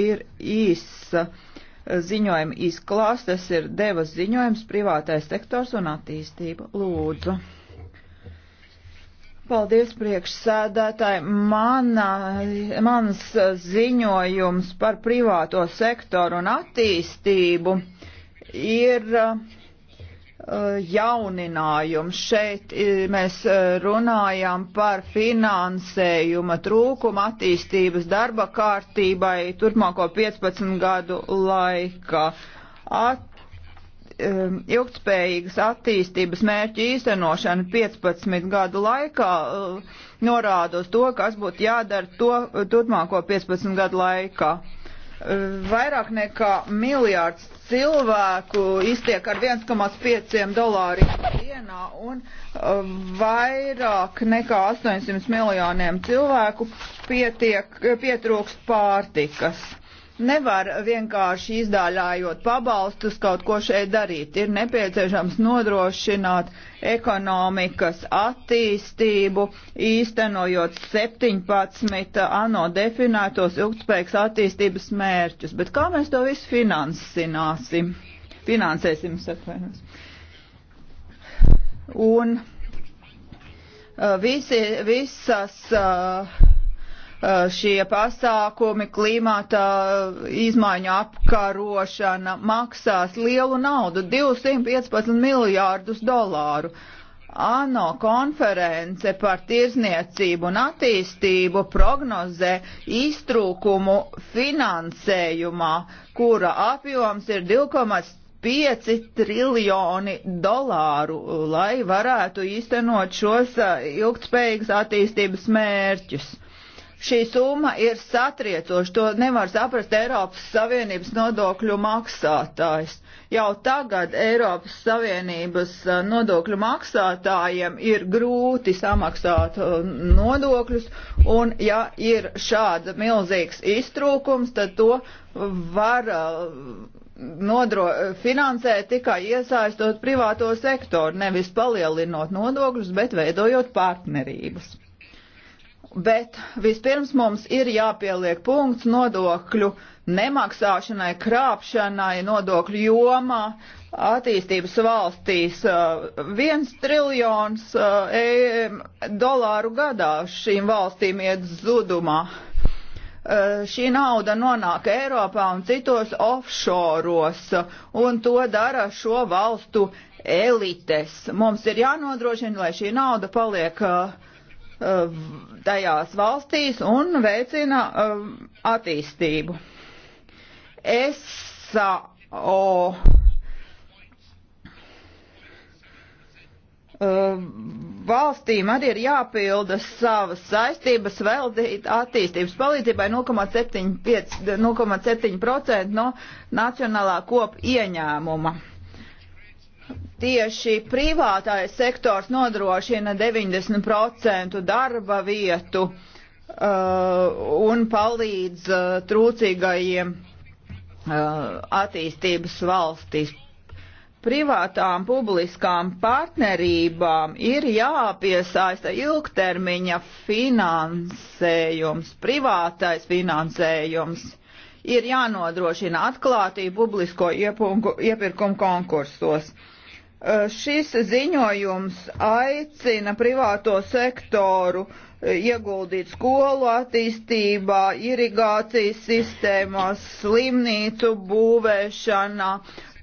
ir īsa uh, ziņojuma izklāsts, tas ir devas ziņojums privātais sektors un attīstība. Lūdzu. Paldies priekšsēdētāji. Mana, mans ziņojums par privāto sektoru un attīstību ir uh, jauninājums. Šeit eh, mēs eh, runājam par finansējuma trūkumu attīstības darba kārtībai turpmāko 15 gadu laikā. At ehm, ilgtspējīgas attīstības mērķu īstenošana 15 gadu laikā eh, norāda uz to, kas būtu jādara to turpmāko 15 gadu laikā vairāk nekā miljārds cilvēku iztiek ar 1,5 dolāriem dienā un um, vairāk nekā 800 miljoniem cilvēku pietiek, pietrūkst pārtikas. Nevar vienkārši izdāļājot pabalstus kaut ko šeit darīt. Ir nepieciešams nodrošināt ekonomikas attīstību, īstenojot 17 ANO definētos ilgspējīgas attīstības mērķus. Bet kā mēs to visu finansināsim? Finansēsim, satvainos. Un uh, visi, visas. Uh, Uh, šie pasākumi, klimata uh, izmaiņu apkarošana maksās lielu naudu - 215 miljārdus dolāru. ANO konference par tirzniecību un attīstību prognozē iztrūkumu finansējumā, kura apjoms ir 2,5 triljoni dolāru, lai varētu īstenot šos uh, ilgtspējīgas attīstības mērķus. Šī summa ir satriecoša, to nevar saprast Eiropas Savienības nodokļu maksātājs. Jau tagad Eiropas Savienības nodokļu maksātājiem ir grūti samaksāt nodokļus, un ja ir šāda milzīgs iztrūkums, tad to var nodro, finansē tikai iesaistot privāto sektoru, nevis palielinot nodokļus, bet veidojot partnerības bet vispirms mums ir jāpieliek punkts nodokļu nemaksāšanai, krāpšanai, nodokļu jomā. Attīstības valstīs uh, viens triljons uh, e, dolāru gadā šīm valstīm iet zudumā. Uh, šī nauda nonāk Eiropā un citos offšoros, un to dara šo valstu elites. Mums ir jānodrošina, lai šī nauda paliek uh, Uh, tajās valstīs un veicina uh, attīstību. SAO uh, valstīm arī ir jāpilda savas saistības veldīt attīstības palīdzībai 0,75% no nacionālā kopa ieņēmuma. Tieši privātais sektors nodrošina 90% darba vietu uh, un palīdz uh, trūcīgajiem uh, attīstības valstīs. Privātām publiskām partnerībām ir jāpiesaista ilgtermiņa finansējums, privātais finansējums ir jānodrošina atklātība publisko iepirkumu konkursos. Uh, Eh, šis ziņojums aicina privāto sektoru eh, ieguldīt skolu attīstībā, irigācijas sistēmās, slimnīcu būvēšanā,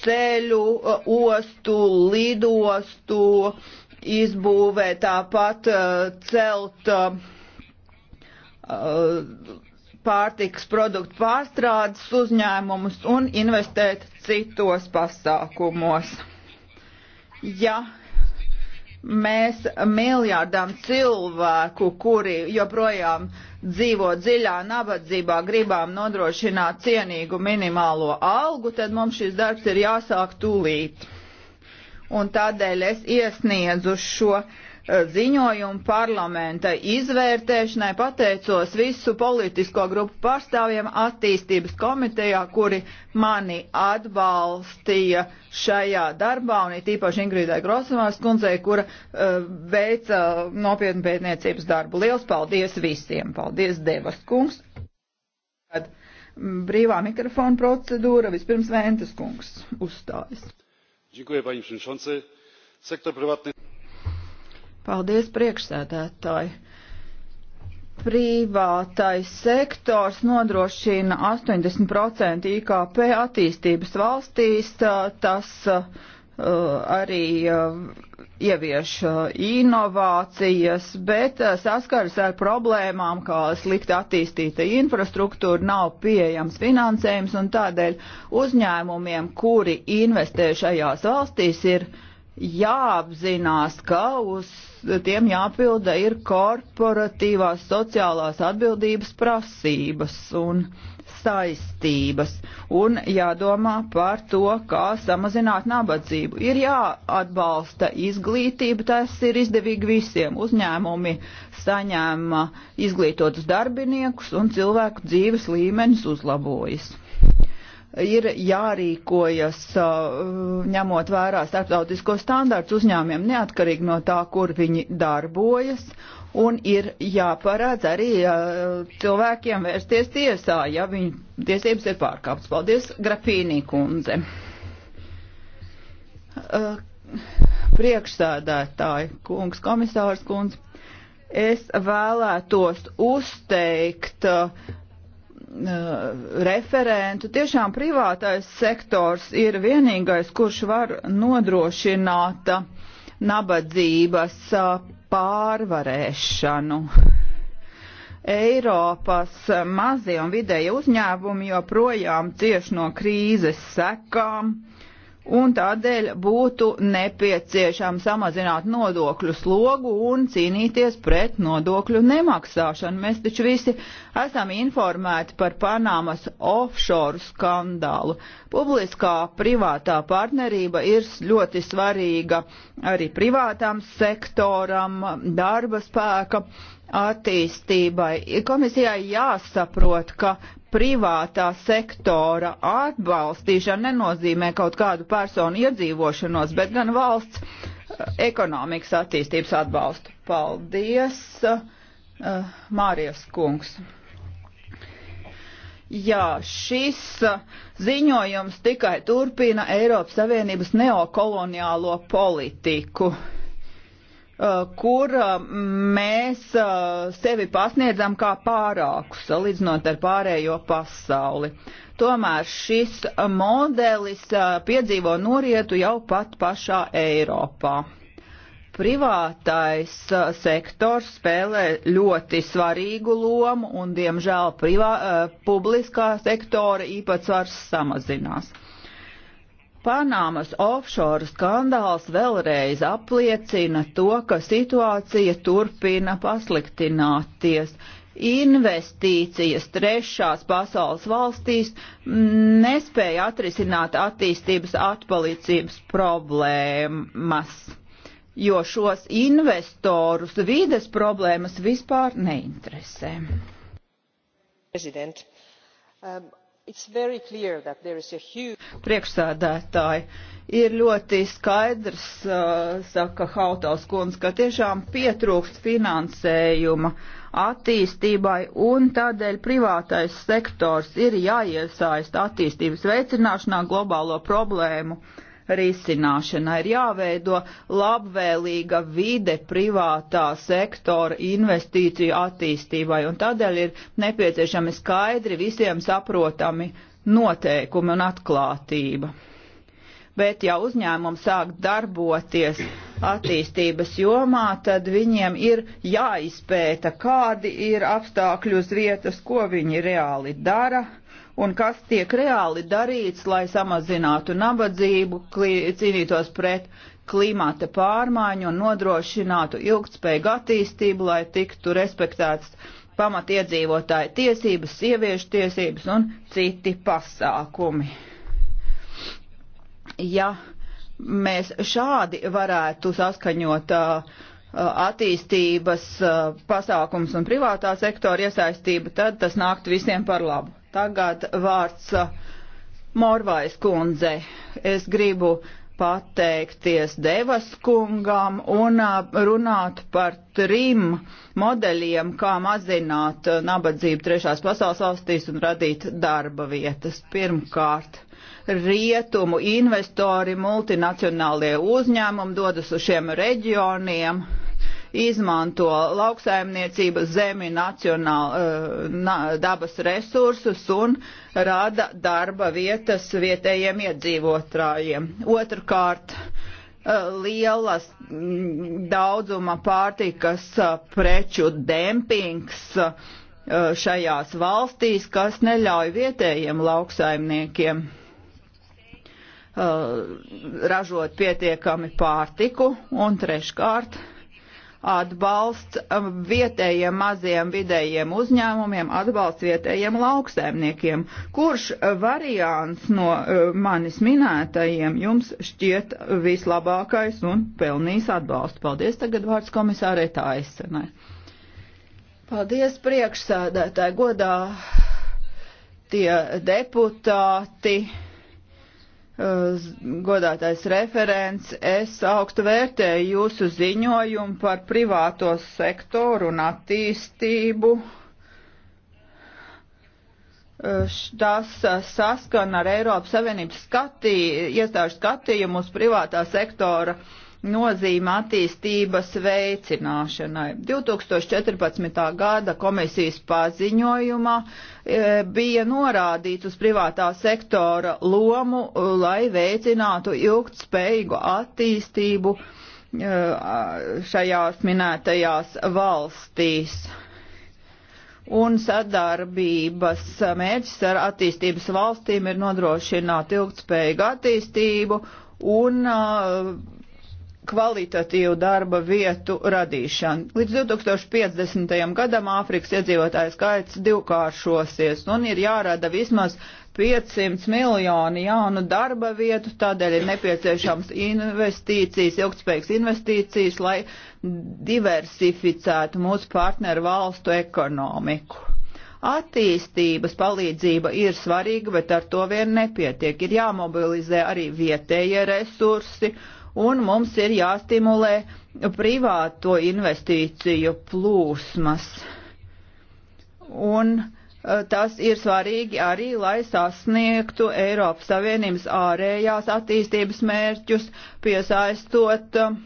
ceļu, eh, ostu, lidostu izbūvē, tāpat celt pārtiks produktu pārstrādes uzņēmumus un investēt citos pasākumos ja mēs miljardam cilvēku, kuri joprojām dzīvo dziļā nabadzībā, gribam nodrošināt cienīgu minimālo algu, tad mums šis darbs ir jāsāk tūlīt. Un tādēļ es iesniedzu šo uh, Eh, ziņojumu parlamenta izvērtēšanai. Pateicos visu politisko grupu pārstāvjiem attīstības komitejā, kuri mani atbalstīja šajā darbā, un it īpaši Ingridai Grosmārs kundzei, kura uh, veica nopietnu pētniecības darbu. Liels paldies visiem! Paldies, Devas kungs! Tad mm, brīvā mikrofona procedūra, vispirms Ventas kungs uzstājas. Dziękuję, panie przewodniczący. Sektor prywatny. Paldies, priekšsēdētāji! Privātais sektors nodrošina 80% IKP attīstības valstīs, tas uh, arī uh, ievieš uh, inovācijas, bet saskaras ar problēmām, kā slikti attīstīta infrastruktūra, nav pieejams finansējums, un tādēļ uzņēmumiem, kuri investē šajās valstīs, ir jāapzinās, ka uz tiem jāpilda ir korporatīvās sociālās atbildības prasības un saistības un jādomā par to, kā samazināt nabadzību. Ir jāatbalsta izglītība, tas ir izdevīgi visiem. Uzņēmumi saņēma izglītotus darbiniekus un cilvēku dzīves līmenis uzlabojas ir jārīkojas uh, ņemot vērā starptautisko standārtu uzņēmiem neatkarīgi no tā, kur viņi darbojas, un ir jāparādz arī uh, cilvēkiem vērsties tiesā, ja viņu tiesības ir pārkāptas. Paldies, Grafīnī kundze. Uh, priekšsēdētāji, kungs, komisārs kundze, es vēlētos uzteikt uh, Eh, referentu. Tiešām privātais sektors ir vienīgais, kurš var nodrošināt eh, nabadzības eh, pārvarēšanu. Eiropas mazie un vidēji uzņēmumi joprojām cieši no krīzes sekām un tādēļ būtu nepieciešams samazināt nodokļu slogu un cīnīties pret nodokļu nemaksāšanu. Mēs taču visi esam informēti par Panāmas offshore skandālu. Publiskā privātā partnerība ir ļoti svarīga arī privātām sektoram, darba spēka attīstībai. Komisijai jāsaprot, ka privātā sektora atbalstīšana nenozīmē kaut kādu personu iedzīvošanos, bet gan valsts eh, ekonomikas attīstības atbalstu. Paldies, eh, Mārijas kungs. Jā, šis eh, ziņojums tikai turpina Eiropas Savienības neokoloniālo politiku. Uh, kur uh, mēs uh, sevi pasniedzam kā pārāku, salīdzinot ar pārējo pasauli. Tomēr šis modelis piedzīvo norietu jau pat pašā Eiropā. Privātais sektors spēlē ļoti svarīgu lomu un, diemžēl, privā, publiskā sektora īpatsvars samazinās. Panāmas offshore skandāls vēlreiz apliecina to, ka situācija turpina pasliktināties. Investīcijas trešās pasaules valstīs nespēja atrisināt attīstības atpalicības problēmas, jo šos investorus vides problēmas vispār neinteresē. President, um, Huge... Priekšsēdētāji, ir ļoti skaidrs, uh, saka Hautals kundze, ka tiešām pietrūkst finansējuma attīstībai un tādēļ privātais sektors ir jāiesaist attīstības veicināšanā globālo problēmu risināšanai. Ir jāveido labvēlīga vide privātā sektora investīciju attīstībai, un tādēļ ir nepieciešami skaidri visiem saprotami noteikumi un atklātība. Bet ja uzņēmums sāk darboties attīstības jomā, tad viņiem ir jāizpēta, kādi ir apstākļi uz vietas, ko viņi reāli dara, un kas tiek reāli darīts, lai samazinātu nabadzību, cīnītos pret klimata pārmaiņu un nodrošinātu ilgtspējīgu attīstību, lai tiktu respektēts pamatiedzīvotāju tiesības, sieviešu tiesības un citi pasākumi. Ja mēs šādi varētu saskaņot uh, Eh, attīstības eh, pasākums un privātā sektora iesaistība, tad tas nākt visiem par labu. Tagad vārds eh, Morvais kundze. Es gribu pateikties Devas kungam un runāt par trim modeļiem, kā mazināt nabadzību trešās pasaules valstīs un radīt darba vietas. Pirmkārt, rietumu investori, multinacionālie uzņēmumi dodas uz šiem reģioniem izmanto lauksaimniecības zemi, nacionāla, eh, na, dabas resursus un rada darba vietas vietējiem iedzīvotājiem. Otrkārt, eh, lielas mm, daudzuma pārtikas eh, preču dempings šajās valstīs, kas neļauj vietējiem lauksaimniekiem ražot pietiekami pārtiku, un treškārt atbalsts um, vietējiem maziem vidējiem uzņēmumiem, atbalsts vietējiem lauksaimniekiem. Kurš variants no uh, manis minētajiem jums šķiet vislabākais un pelnīs atbalstu? Paldies, tagad vārds komisārai Taisenai. Paldies priekšsēdētāji, godā tie deputāti godātais referents, es augstu vērtēju jūsu ziņojumu par privāto sektoru un attīstību. Tas saskana ar Eiropas Savienības skatī, iestāžu skatījumu uz privātā sektora uh, nozīme attīstības veicināšanai. 2014. gada komisijas paziņojumā e, bija norādīts uz privātā sektora lomu, e, lai veicinātu ilgtspējīgu attīstību e, šajās minētajās valstīs un sadarbības mērķis ar attīstības valstīm ir nodrošināt ilgtspējīgu attīstību un uh, kvalitatīvu darba vietu radīšanu. Līdz 2050. gadam Āfrikas iedzīvotāju skaits divkāršosies un ir jārada vismaz 500 miljoni jaunu darba vietu, tādēļ ir nepieciešams investīcijas, ilgspējīgas investīcijas, lai diversificētu mūsu partneru valstu ekonomiku. Attīstības palīdzība ir svarīga, bet ar to vien nepietiek. Ir jāmobilizē arī vietējie resursi, un mums ir jāstimulē privāto investīciju plūsmas. Un eh, tas ir svarīgi arī, lai sasniegtu Eiropas Savienības ārējās attīstības mērķus, piesaistot uh,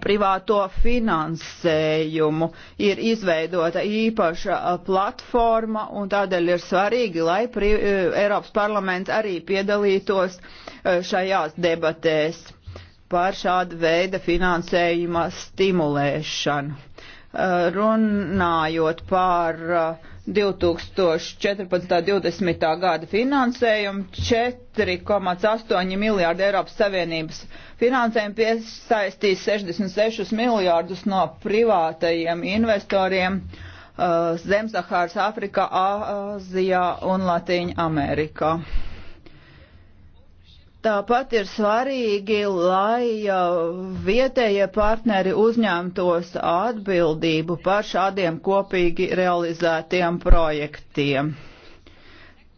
privāto finansējumu. Ir izveidota īpaša platforma un tādēļ ir svarīgi, lai pri, e, Eiropas parlaments arī piedalītos šajās debatēs par šādu veidu finansējuma stimulēšanu. Runājot par uh, 2014.-2020. gada finansējumu 4,8 miljārdu Eiropas Savienības finansējumu piesaistīs 66 miljārdus no privātajiem investoriem uh, Zemsahāras Afrikā, Āzijā un Latīņa Amerikā. Tāpat ir svarīgi, lai vietējie partneri uzņemtos atbildību par šādiem kopīgi realizētiem projektiem.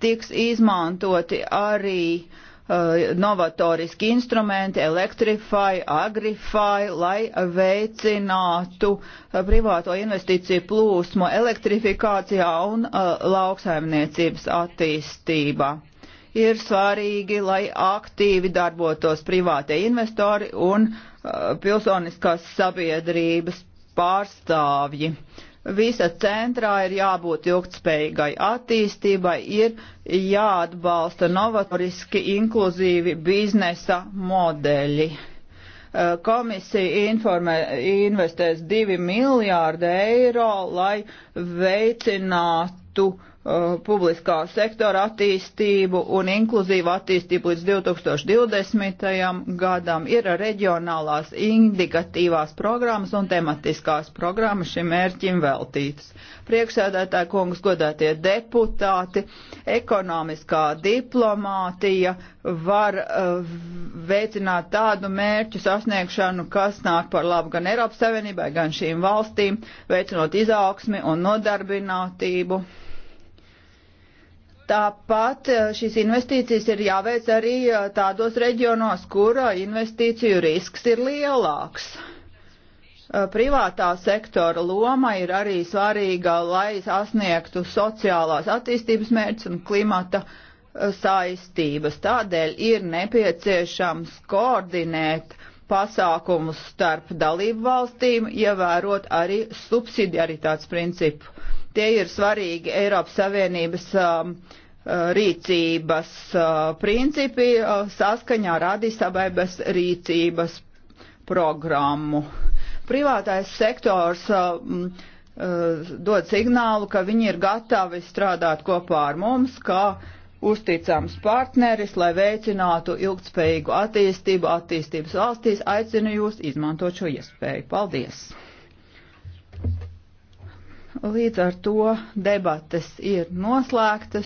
Tiks izmantoti arī uh, novatoriski instrumenti Electrify, Agrify, lai veicinātu uh, privāto investīciju plūsmu elektrifikācijā un uh, lauksaimniecības attīstībā ir svarīgi, lai aktīvi darbotos privātie investori un uh, pilsoniskās sabiedrības pārstāvji. Visa centrā ir jābūt ilgtspējīgai attīstībai, ir jāatbalsta novatoriski inkluzīvi biznesa modeļi. Uh, komisija informē, investēs 2 miljārdi eiro, lai veicinātu uh, Uh, publiskā sektora attīstību un inkluzīvu attīstību līdz 2020. gadam ir reģionālās indikatīvās programmas un tematiskās programmas šim mērķim veltītas. Priekšsēdētāji kungs, godātie deputāti, ekonomiskā diplomātija var uh, veicināt tādu mērķu sasniegšanu, kas nāk par labu gan Eiropas Savienībai, gan šīm valstīm, veicinot izaugsmi un nodarbinātību Tāpat eh, šīs investīcijas ir jāveic arī eh, tādos reģionos, kur eh, investīciju risks ir lielāks. Privātā sektora loma ir arī svarīga, lai sasniegtu sociālās attīstības mērķus un klimata saistības. Tādēļ ir nepieciešams koordinēt pasākumus starp dalību valstīm, ievērot arī subsidiaritātes principu tie ir svarīgi Eiropas Savienības um, uh, Uh, rīcības uh, principi uh, saskaņā ar Adisabaibas rīcības programmu. Privātais sektors dod signālu, ka viņi ir gatavi strādāt kopā ar mums, kā uzticams partneris, lai veicinātu ilgtspējīgu attīstību attīstības valstīs. Aicinu jūs izmantot šo iespēju. Paldies! Līdz ar to debates ir noslēgtas.